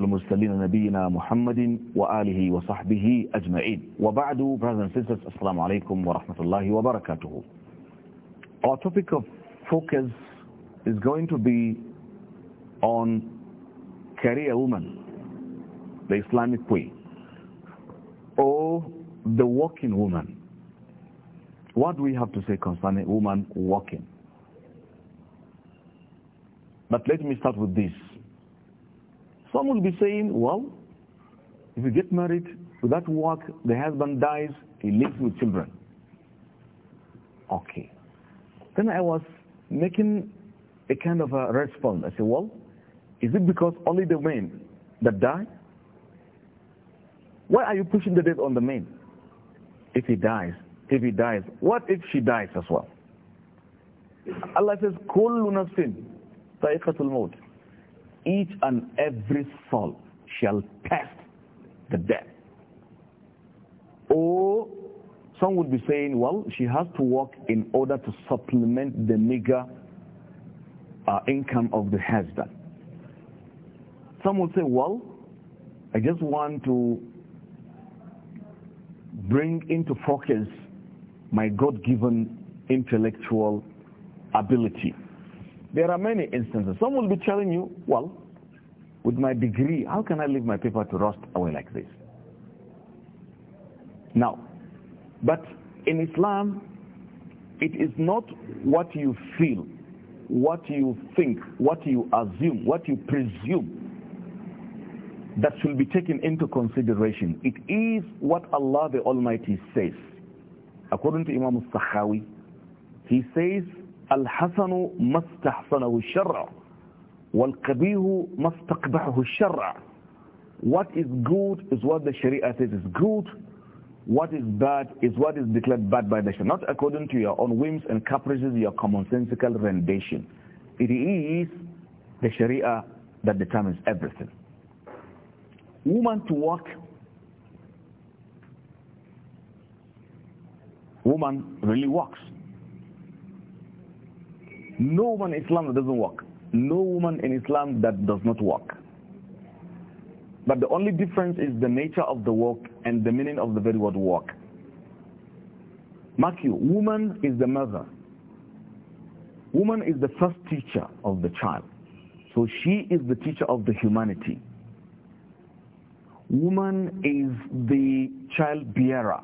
نبينا محمد وآله وصحبه أجمعين وبعد السلام عليكم ورحمة الله وبركاته Our topic of focus is going to be on career woman the Islamic way or the working woman What do we have to say concerning woman working? But let me start with this some will be saying, well, if you get married, without work, the husband dies, he lives with children. Okay. Then I was making a kind of a response. I said, well, is it because only the men that die? Why are you pushing the death on the men? If he dies, if he dies, what if she dies as well? Allah says, كُلُّ نَفْسٍ طَيْقَةُ الْمَوْتِ each and every soul shall test the death. Or some would be saying, well, she has to work in order to supplement the meager uh, income of the husband. Some would say, well, I just want to bring into focus my God-given intellectual ability. There are many instances. Some will be telling you, well, with my degree, how can I leave my paper to rust away like this? Now, but in Islam, it is not what you feel, what you think, what you assume, what you presume that should be taken into consideration. It is what Allah the Almighty says. According to Imam al-Sakhawi, he says, الحسن ما استحسنه الشرع والقبيه ما استقبحه الشرع what is good is what the sharia says is good what is bad is what is declared bad by the sharia not according to your own whims and caprices your commonsensical rendition it is the sharia that determines everything woman to work woman really works no woman in Islam that doesn't work. No woman in Islam that does not work. But the only difference is the nature of the work and the meaning of the very word work. Mark you, woman is the mother. Woman is the first teacher of the child. So she is the teacher of the humanity. Woman is the child bearer.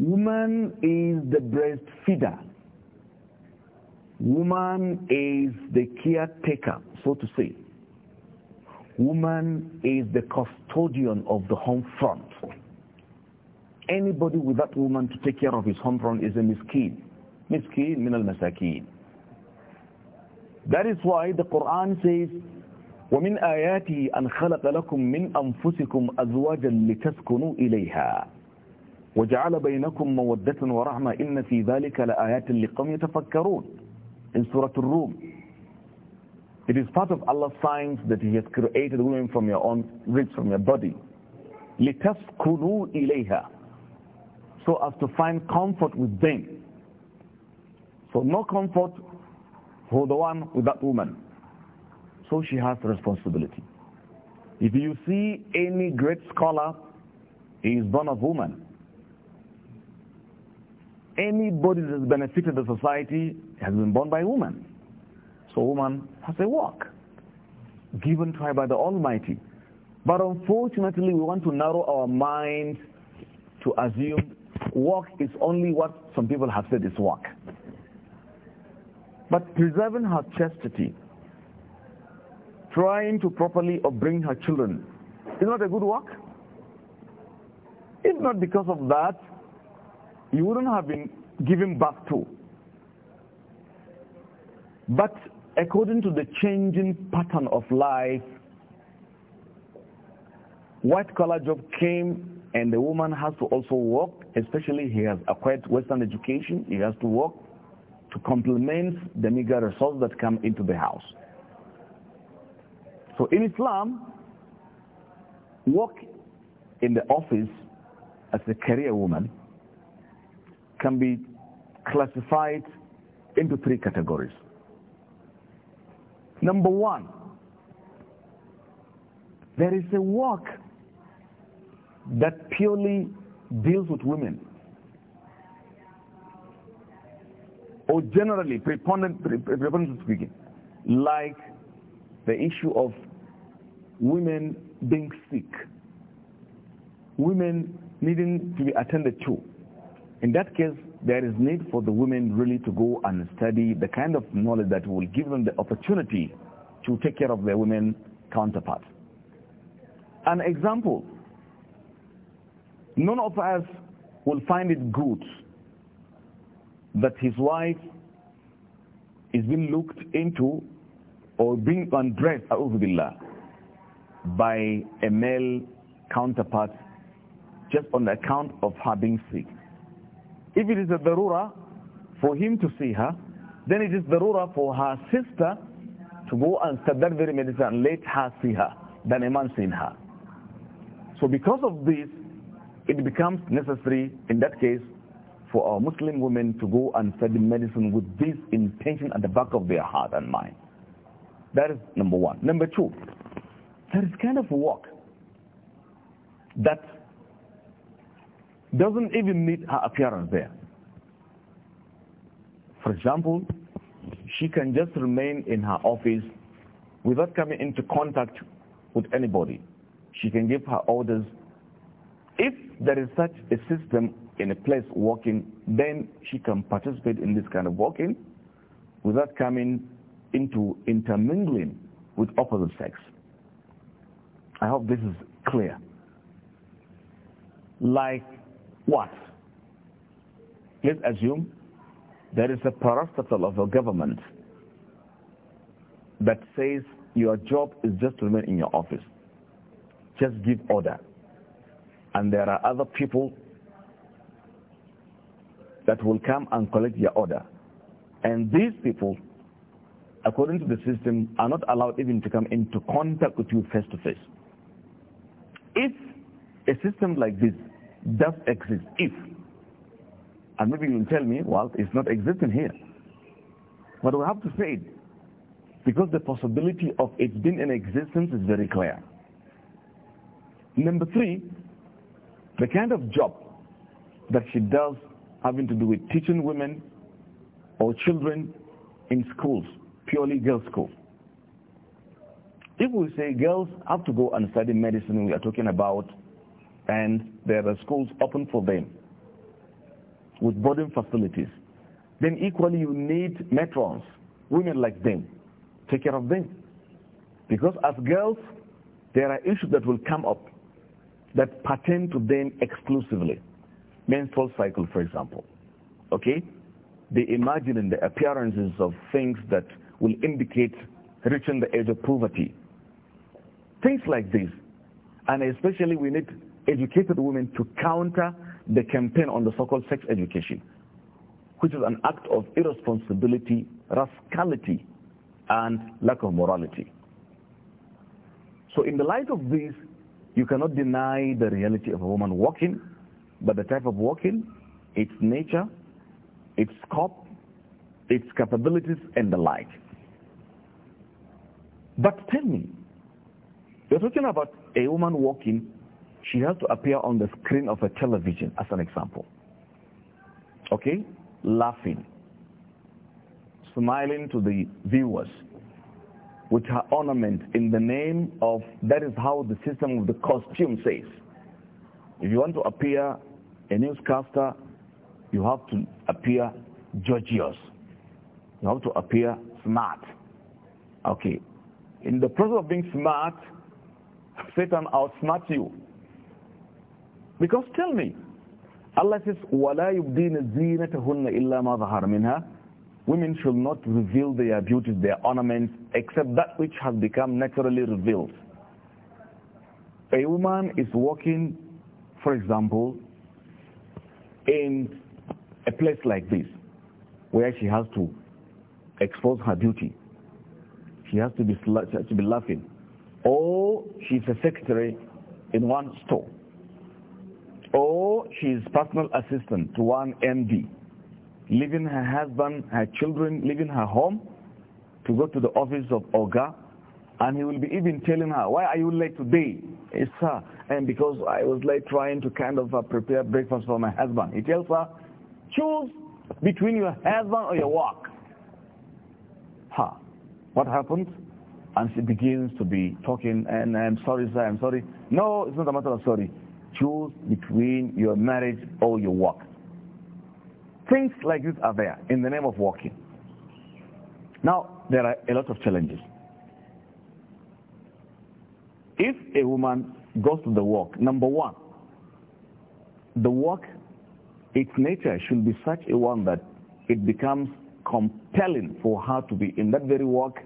Woman is the breastfeeder. Woman is the caretaker, so to say. Woman is the custodian of the home front. Anybody with that woman to take care of his home front is a miskin. Miskin min al-masakin. That is why the Quran says, ومن آياته أن خلق لكم من أنفسكم أزواجا لتسكنوا إليها وجعل بينكم مودة ورحمة إن في ذلك لآيات لقوم يتفكرون in Surah Al-Rum. It is part of Allah's signs that He has created women from your own ribs, from your body. لِتَسْكُنُوا إِلَيْهَا So as to find comfort with them. So no comfort for the one with that woman. So she has responsibility. If you see any great scholar, he is born of woman anybody that has benefited the society has been born by woman. So woman has a work given to her by the Almighty. But unfortunately, we want to narrow our mind to assume work is only what some people have said is work. But preserving her chastity, trying to properly bring her children, is not a good work. If not because of that, you wouldn't have been given birth to. But according to the changing pattern of life, white collar job came and the woman has to also work, especially he has acquired Western education, he has to work to complement the meager results that come into the house. So in Islam, work in the office as a career woman can be classified into three categories. Number one, there is a work that purely deals with women or generally preponderant speaking, like the issue of women being sick, women needing to be attended to, in that case, there is need for the women really to go and study the kind of knowledge that will give them the opportunity to take care of their women counterparts. An example, none of us will find it good that his wife is being looked into or being undressed by a male counterpart just on account of her being sick. If it is a darura for him to see her, then it is darura for her sister to go and start that very medicine and let her see her than a man seeing her. So because of this, it becomes necessary in that case for our Muslim women to go and study medicine with this intention at the back of their heart and mind. That is number one. Number two, there is kind of work that doesn't even need her appearance there. For example, she can just remain in her office without coming into contact with anybody. She can give her orders. If there is such a system in a place working, then she can participate in this kind of working without coming into intermingling with opposite sex. I hope this is clear. Like what? Let's assume there is a parastatal of a government that says your job is just to remain in your office. Just give order. And there are other people that will come and collect your order. And these people, according to the system, are not allowed even to come into contact with you face to face. If a system like this does exist if and maybe you'll tell me well it's not existing here but we have to say it because the possibility of it being in existence is very clear number three the kind of job that she does having to do with teaching women or children in schools, purely girls' schools. If we say girls have to go and study medicine, we are talking about and there are schools open for them with boarding facilities. Then equally you need matrons, women like them. Take care of them. Because as girls, there are issues that will come up that pertain to them exclusively. Menstrual cycle, for example. Okay? the imagine the appearances of things that will indicate reaching the age of poverty. Things like this. And especially we need educated women to counter the campaign on the so-called sex education, which is an act of irresponsibility, rascality, and lack of morality. So in the light of this, you cannot deny the reality of a woman walking, but the type of walking, its nature, its scope, its capabilities, and the like. But tell me, you're talking about a woman walking she has to appear on the screen of a television as an example. Okay? Laughing, smiling to the viewers with her ornament in the name of, that is how the system of the costume says. If you want to appear a newscaster, you have to appear gorgeous. You have to appear smart. Okay. In the process of being smart, Satan outsmarts you. Because tell me, Allah says, وَلَا يُبْدِينَ زِينَتَهُنَّ إِلَّا مَا ظَهَرَ مِنْهَا Women shall not reveal their beauties, their ornaments, except that which has become naturally revealed. A woman is walking, for example, in a place like this, where she has to expose her beauty. She has to be, to be laughing. Or she's a secretary in one store or she is personal assistant to one MD, leaving her husband, her children, leaving her home to go to the office of Oga, and he will be even telling her, why are you late today? Eh, it's and eh, because I was late trying to kind of uh, prepare breakfast for my husband. He tells her, choose between your husband or your work. Ha. What happens? And she begins to be talking, and I'm sorry, sir, I'm sorry. No, it's not a matter of sorry choose between your marriage or your work. Things like this are there in the name of working. Now, there are a lot of challenges. If a woman goes to the work, number one, the work, its nature should be such a one that it becomes compelling for her to be in that very work.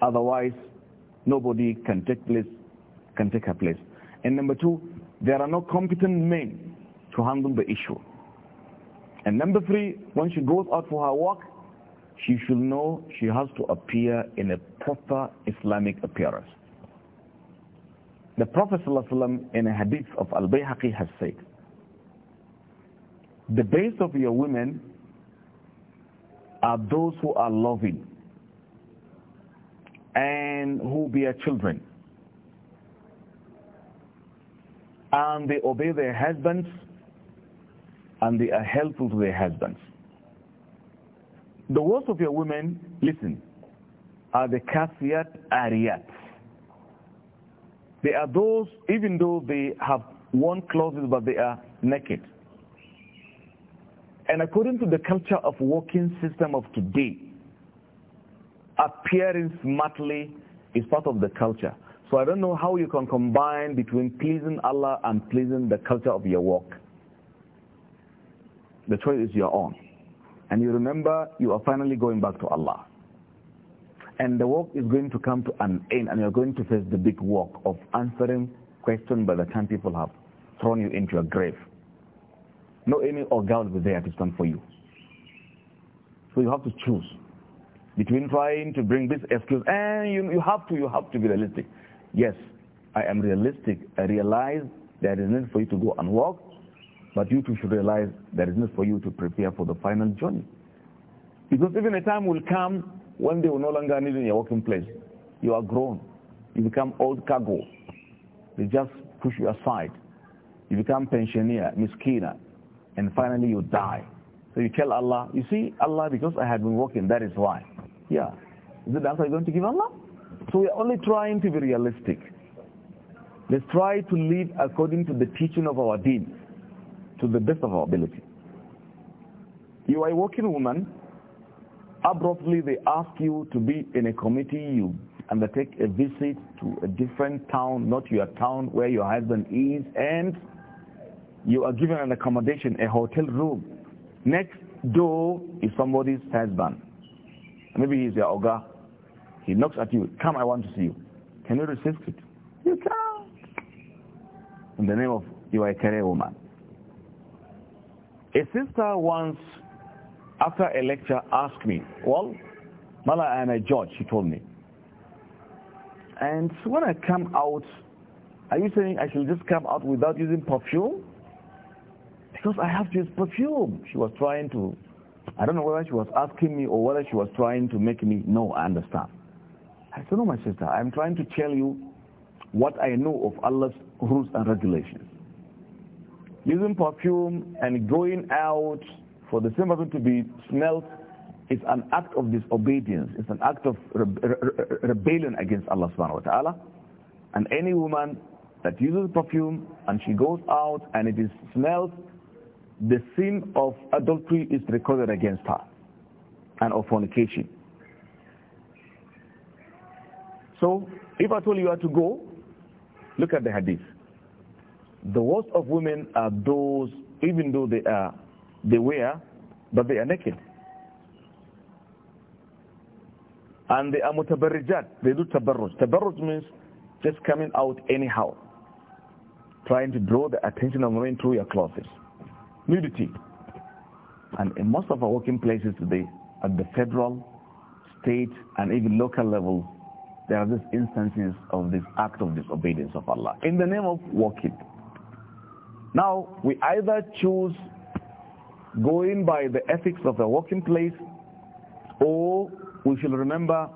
Otherwise, nobody can take place, can take her place. And number two, there are no competent men to handle the issue. And number three, when she goes out for her work, she should know she has to appear in a proper Islamic appearance. The Prophet ﷺ in a hadith of Al-Bayhaqi has said, the base of your women are those who are loving and who bear children. and they obey their husbands and they are helpful to their husbands. The worst of your women, listen, are the kafiyat ariyat. They are those, even though they have worn clothes, but they are naked. And according to the culture of working system of today, appearing smartly is part of the culture. So I don't know how you can combine between pleasing Allah and pleasing the culture of your work. The choice is your own. And you remember you are finally going back to Allah. And the work is going to come to an end and you're going to face the big work of answering questions by the time people have thrown you into a grave. No any God will be there to stand for you. So you have to choose between trying to bring this excuse and you, you have to, you have to be realistic yes, I am realistic. I realize there is need for you to go and walk, but you too should realize there is need for you to prepare for the final journey. Because even a time will come when they will no longer need you in your working place. You are grown. You become old cargo. They just push you aside. You become pensioner, miskina, and finally you die. So you tell Allah, you see, Allah, because I had been working, that is why. Yeah. Is it the answer you're going to give Allah? So we're only trying to be realistic. Let's try to live according to the teaching of our deen, to the best of our ability. You are a working woman. Abruptly, they ask you to be in a committee. You undertake a visit to a different town, not your town where your husband is, and you are given an accommodation, a hotel room. Next door is somebody's husband. Maybe he's your ogre he knocks at you. Come, I want to see you. Can you resist it? You can't. In the name of you Ikere a woman. A sister once, after a lecture, asked me, well, Mala, I am a judge, she told me. And when I come out, are you saying I shall just come out without using perfume? Because I have to use perfume. She was trying to, I don't know whether she was asking me or whether she was trying to make me know I understand. I said, no, my sister, I'm trying to tell you what I know of Allah's rules and regulations. Using perfume and going out for the same person to be smelled is an act of disobedience. It's an act of rebellion against Allah subhanahu wa ta'ala. And any woman that uses perfume and she goes out and it is smelled, the sin of adultery is recorded against her and of fornication. So, if I told you how to go, look at the hadith. The worst of women are those, even though they are, they wear, but they are naked. And they are mutabarrijat, they do tabarruj. Tabarruj means just coming out anyhow, trying to draw the attention of women through your clothes. Nudity. And in most of our working places today, at the federal, state, and even local level, there are these instances of this act of disobedience of Allah in the name of walking. Now, we either choose going by the ethics of the working place or we shall remember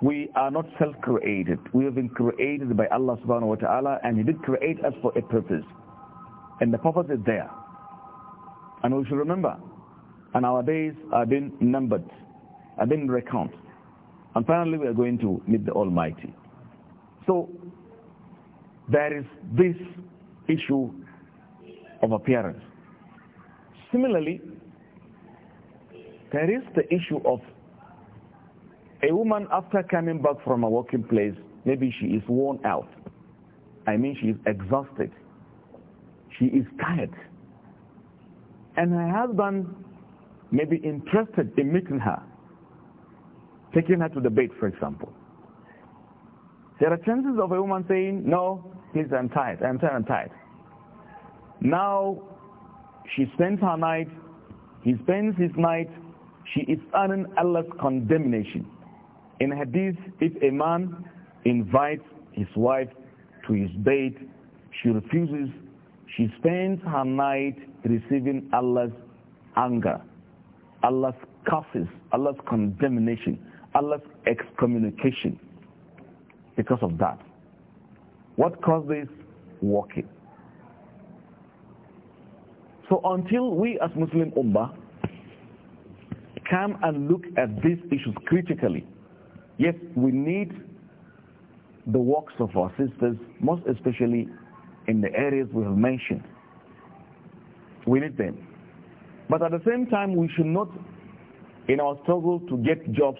we are not self-created. We have been created by Allah subhanahu wa ta'ala and He did create us for a purpose. And the purpose is there. And we should remember, and our days are being numbered, are being recounted. And finally, we are going to meet the Almighty. So, there is this issue of appearance. Similarly, there is the issue of a woman after coming back from a working place, maybe she is worn out. I mean, she is exhausted. She is tired. And her husband may be interested in meeting her taking her to the bed, for example. There are chances of a woman saying, no, please, I'm tired, I'm tired, I'm tired. Now, she spends her night, he spends his night, she is earning Allah's condemnation. In hadith, if a man invites his wife to his bed, she refuses, she spends her night receiving Allah's anger, Allah's curses, Allah's condemnation. Allah's excommunication because of that. What caused this? Walking. So until we as Muslim Ummah come and look at these issues critically, yes, we need the works of our sisters, most especially in the areas we have mentioned. We need them. But at the same time, we should not, in our struggle to get jobs,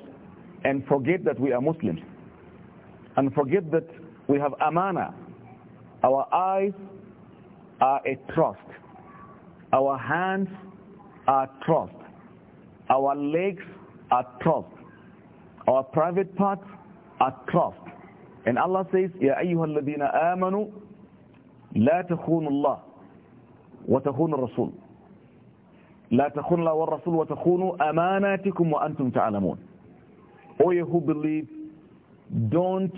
and forget that we are Muslims and forget that we have amana. Our eyes are a trust. Our hands are trust. Our legs are trust. Our private parts are trust. And Allah says, يَا أَيُّهَا الَّذِينَ آمَنُوا لَا تَخُونُوا اللَّهِ وَتَخُونُوا الرَّسُولُ لَا تَخُونُوا اللَّهِ وَالرَّسُولُ وَتَخُونُوا أَمَانَاتِكُمْ وَأَنْتُمْ تَعْلَمُونَ O ye who believe, don't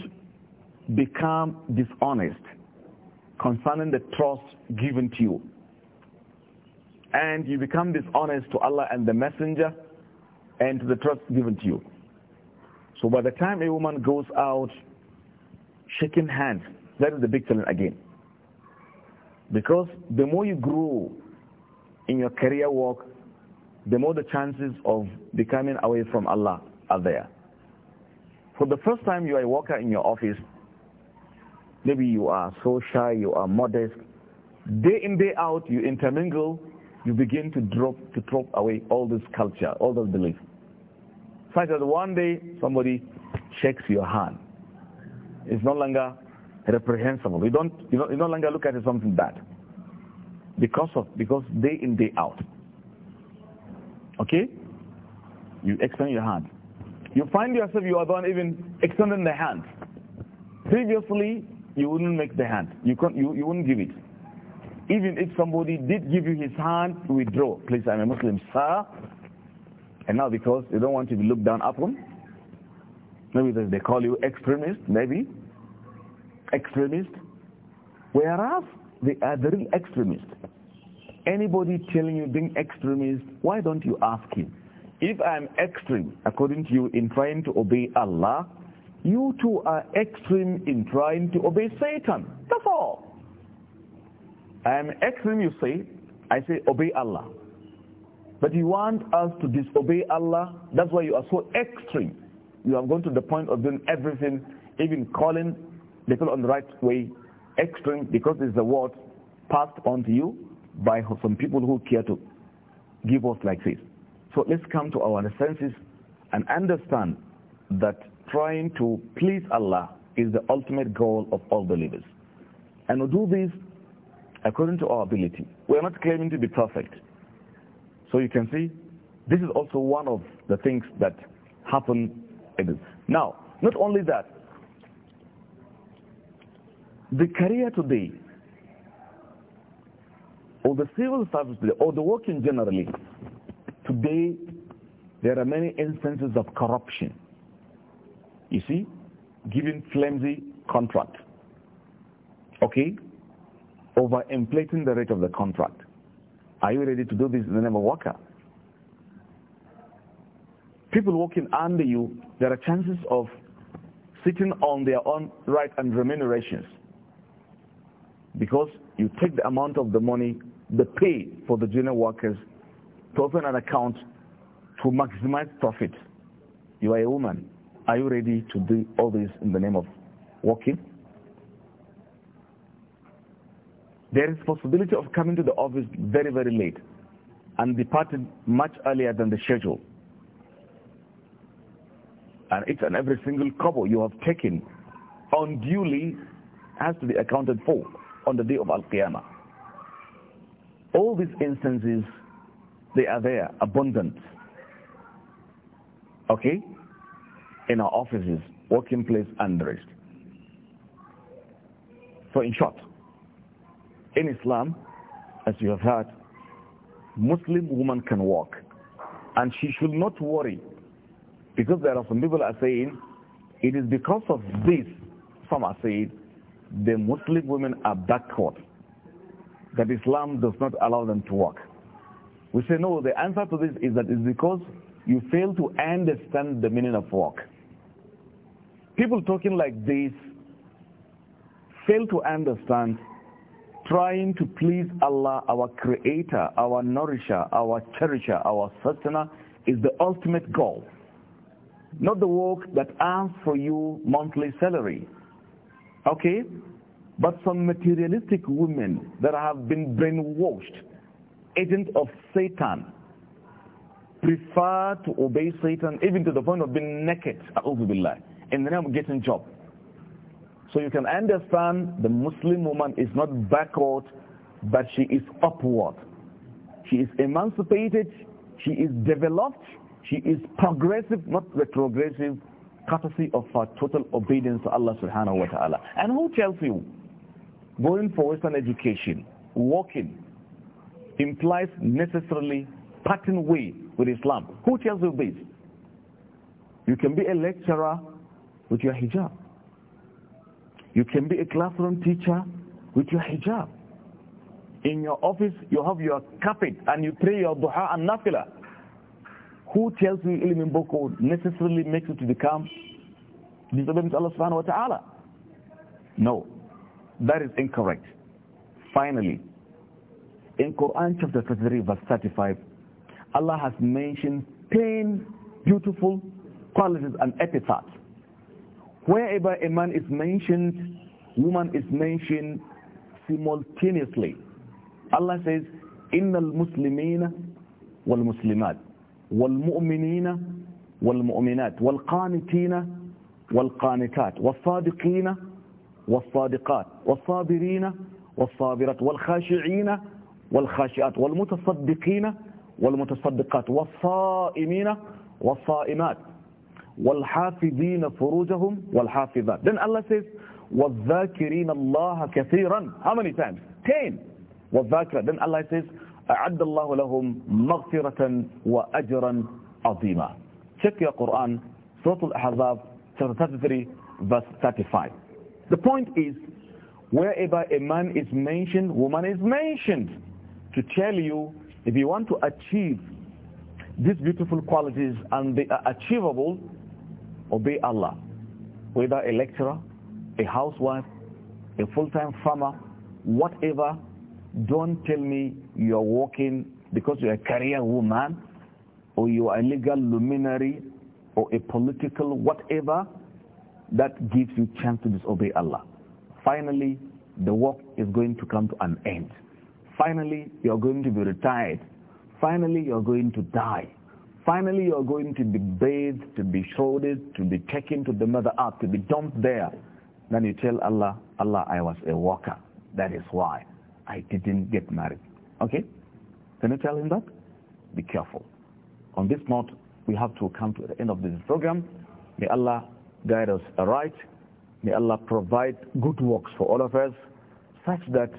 become dishonest concerning the trust given to you. And you become dishonest to Allah and the Messenger and to the trust given to you. So by the time a woman goes out shaking hands, that is the big challenge again. Because the more you grow in your career work, the more the chances of becoming away from Allah are there. For the first time you are a worker in your office, maybe you are so shy, you are modest. Day in, day out, you intermingle, you begin to drop, to drop away all this culture, all those beliefs. Such that one day somebody shakes your hand. It's no longer reprehensible. You don't, you, don't, you no longer look at it as something bad. Because of, because day in, day out. Okay? You extend your hand. You find yourself, you are done even extending the hand. Previously, you wouldn't make the hand. You, can't, you, you wouldn't give it. Even if somebody did give you his hand, withdraw. Please, I'm a Muslim, sir. And now because you don't want to be looked down upon, maybe they call you extremist, maybe. Extremist. Whereas, they are the real Anybody telling you being extremist, why don't you ask him? If I'm extreme, according to you, in trying to obey Allah, you too are extreme in trying to obey Satan. That's all. I am extreme, you say. I say, obey Allah. But you want us to disobey Allah. That's why you are so extreme. You are going to the point of doing everything, even calling people on the right way extreme because it's the word passed on to you by some people who care to give us like this. So let's come to our senses and understand that trying to please Allah is the ultimate goal of all believers. And we do this according to our ability. We are not claiming to be perfect. So you can see, this is also one of the things that happen. Now, not only that, the career today, or the civil service, or the working generally, Today, there are many instances of corruption. You see, giving flimsy contract. Okay? Over inflating the rate of the contract. Are you ready to do this in the name of worker? People working under you, there are chances of sitting on their own right and remunerations because you take the amount of the money, the pay for the junior workers to open an account to maximize profit. You are a woman. Are you ready to do all this in the name of working? There is possibility of coming to the office very, very late and departing much earlier than the schedule. And each and every single kobo you have taken unduly has to be accounted for on the day of Al-Qiyamah. All these instances they are there, abundant. Okay? In our offices, working place, and the rest. So in short, in Islam, as you have heard, Muslim woman can walk. And she should not worry. Because there are some people are saying, it is because of this, some are saying, the Muslim women are backward. That Islam does not allow them to walk. We say, no, the answer to this is that it's because you fail to understand the meaning of work. People talking like this fail to understand trying to please Allah, our creator, our nourisher, our cherisher, our sustainer is the ultimate goal. Not the work that earns for you monthly salary. Okay? But some materialistic women that have been brainwashed agent of Satan, prefer to obey Satan even to the point of being naked, billah, in the name of getting job. So you can understand the Muslim woman is not backward, but she is upward. She is emancipated, she is developed, she is progressive, not retrogressive, courtesy of her total obedience to Allah subhanahu wa ta'ala. And who tells you? Going for Western education, working, implies necessarily parting way with Islam. Who tells you this? You can be a lecturer with your hijab. You can be a classroom teacher with your hijab. In your office, you have your carpet and you pray your duha and nafila. Who tells you ilm boko necessarily makes you to become disobedient to Allah subhanahu wa ta'ala? No, that is incorrect. Finally, in Quran chapter 33 verse 35, Allah has mentioned 10 beautiful qualities and epithets. Wherever a man is mentioned, woman is mentioned simultaneously. Allah says, إِنَّ الْمُسْلِمِينَ وَالْمُسْلِمَاتِ وَالْمُؤْمِنِينَ والمؤمنات والقانتين والقانتات والصادقين والصادقات والصابرين والصابرات والخاشعين والخاشئات والمتصدقين والمتصدقات والصائمين والصائمات والحافظين فروجهم والحافظات then Allah says والذاكرين الله كثيرا how many times 10 والذاكرة then Allah says أعد الله لهم مغفرة وأجرا عظيما check your Quran Surah Al-Ahzab chapter 33 verse 35 the point is wherever a man is mentioned woman is mentioned to tell you if you want to achieve these beautiful qualities and they are achievable, obey Allah. Whether a lecturer, a housewife, a full-time farmer, whatever, don't tell me you are working because you're a career woman or you are a legal luminary or a political whatever that gives you chance to disobey Allah. Finally, the work is going to come to an end. Finally, you're going to be retired. Finally, you're going to die. Finally, you're going to be bathed, to be shrouded, to be taken to the mother earth, to be dumped there. Then you tell Allah, Allah, I was a worker. That is why I didn't get married. Okay? Can you tell him that? Be careful. On this note, we have to come to the end of this program. May Allah guide us aright. May Allah provide good works for all of us such that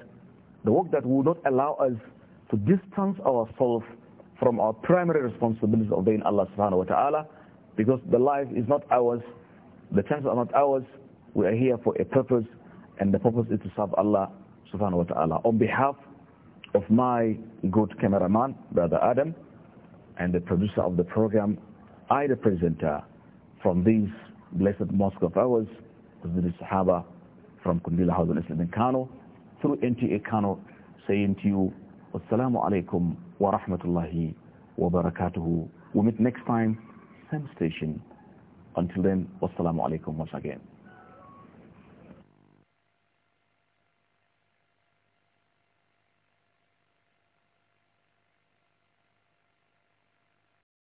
the work that will not allow us to distance ourselves from our primary responsibilities of obeying Allah subhanahu wa ta'ala because the life is not ours, the chances are not ours, we are here for a purpose and the purpose is to serve Allah subhanahu wa ta'ala on behalf of my good cameraman, Brother Adam, and the producer of the program, I the presenter from this blessed mosque of ours, the Sahaba from Kundila House in Kano through NTA Kano saying to you, Assalamu alaikum wa rahmatullahi wa barakatuhu. We'll meet next time, same station. Until then, Assalamu alaikum once again.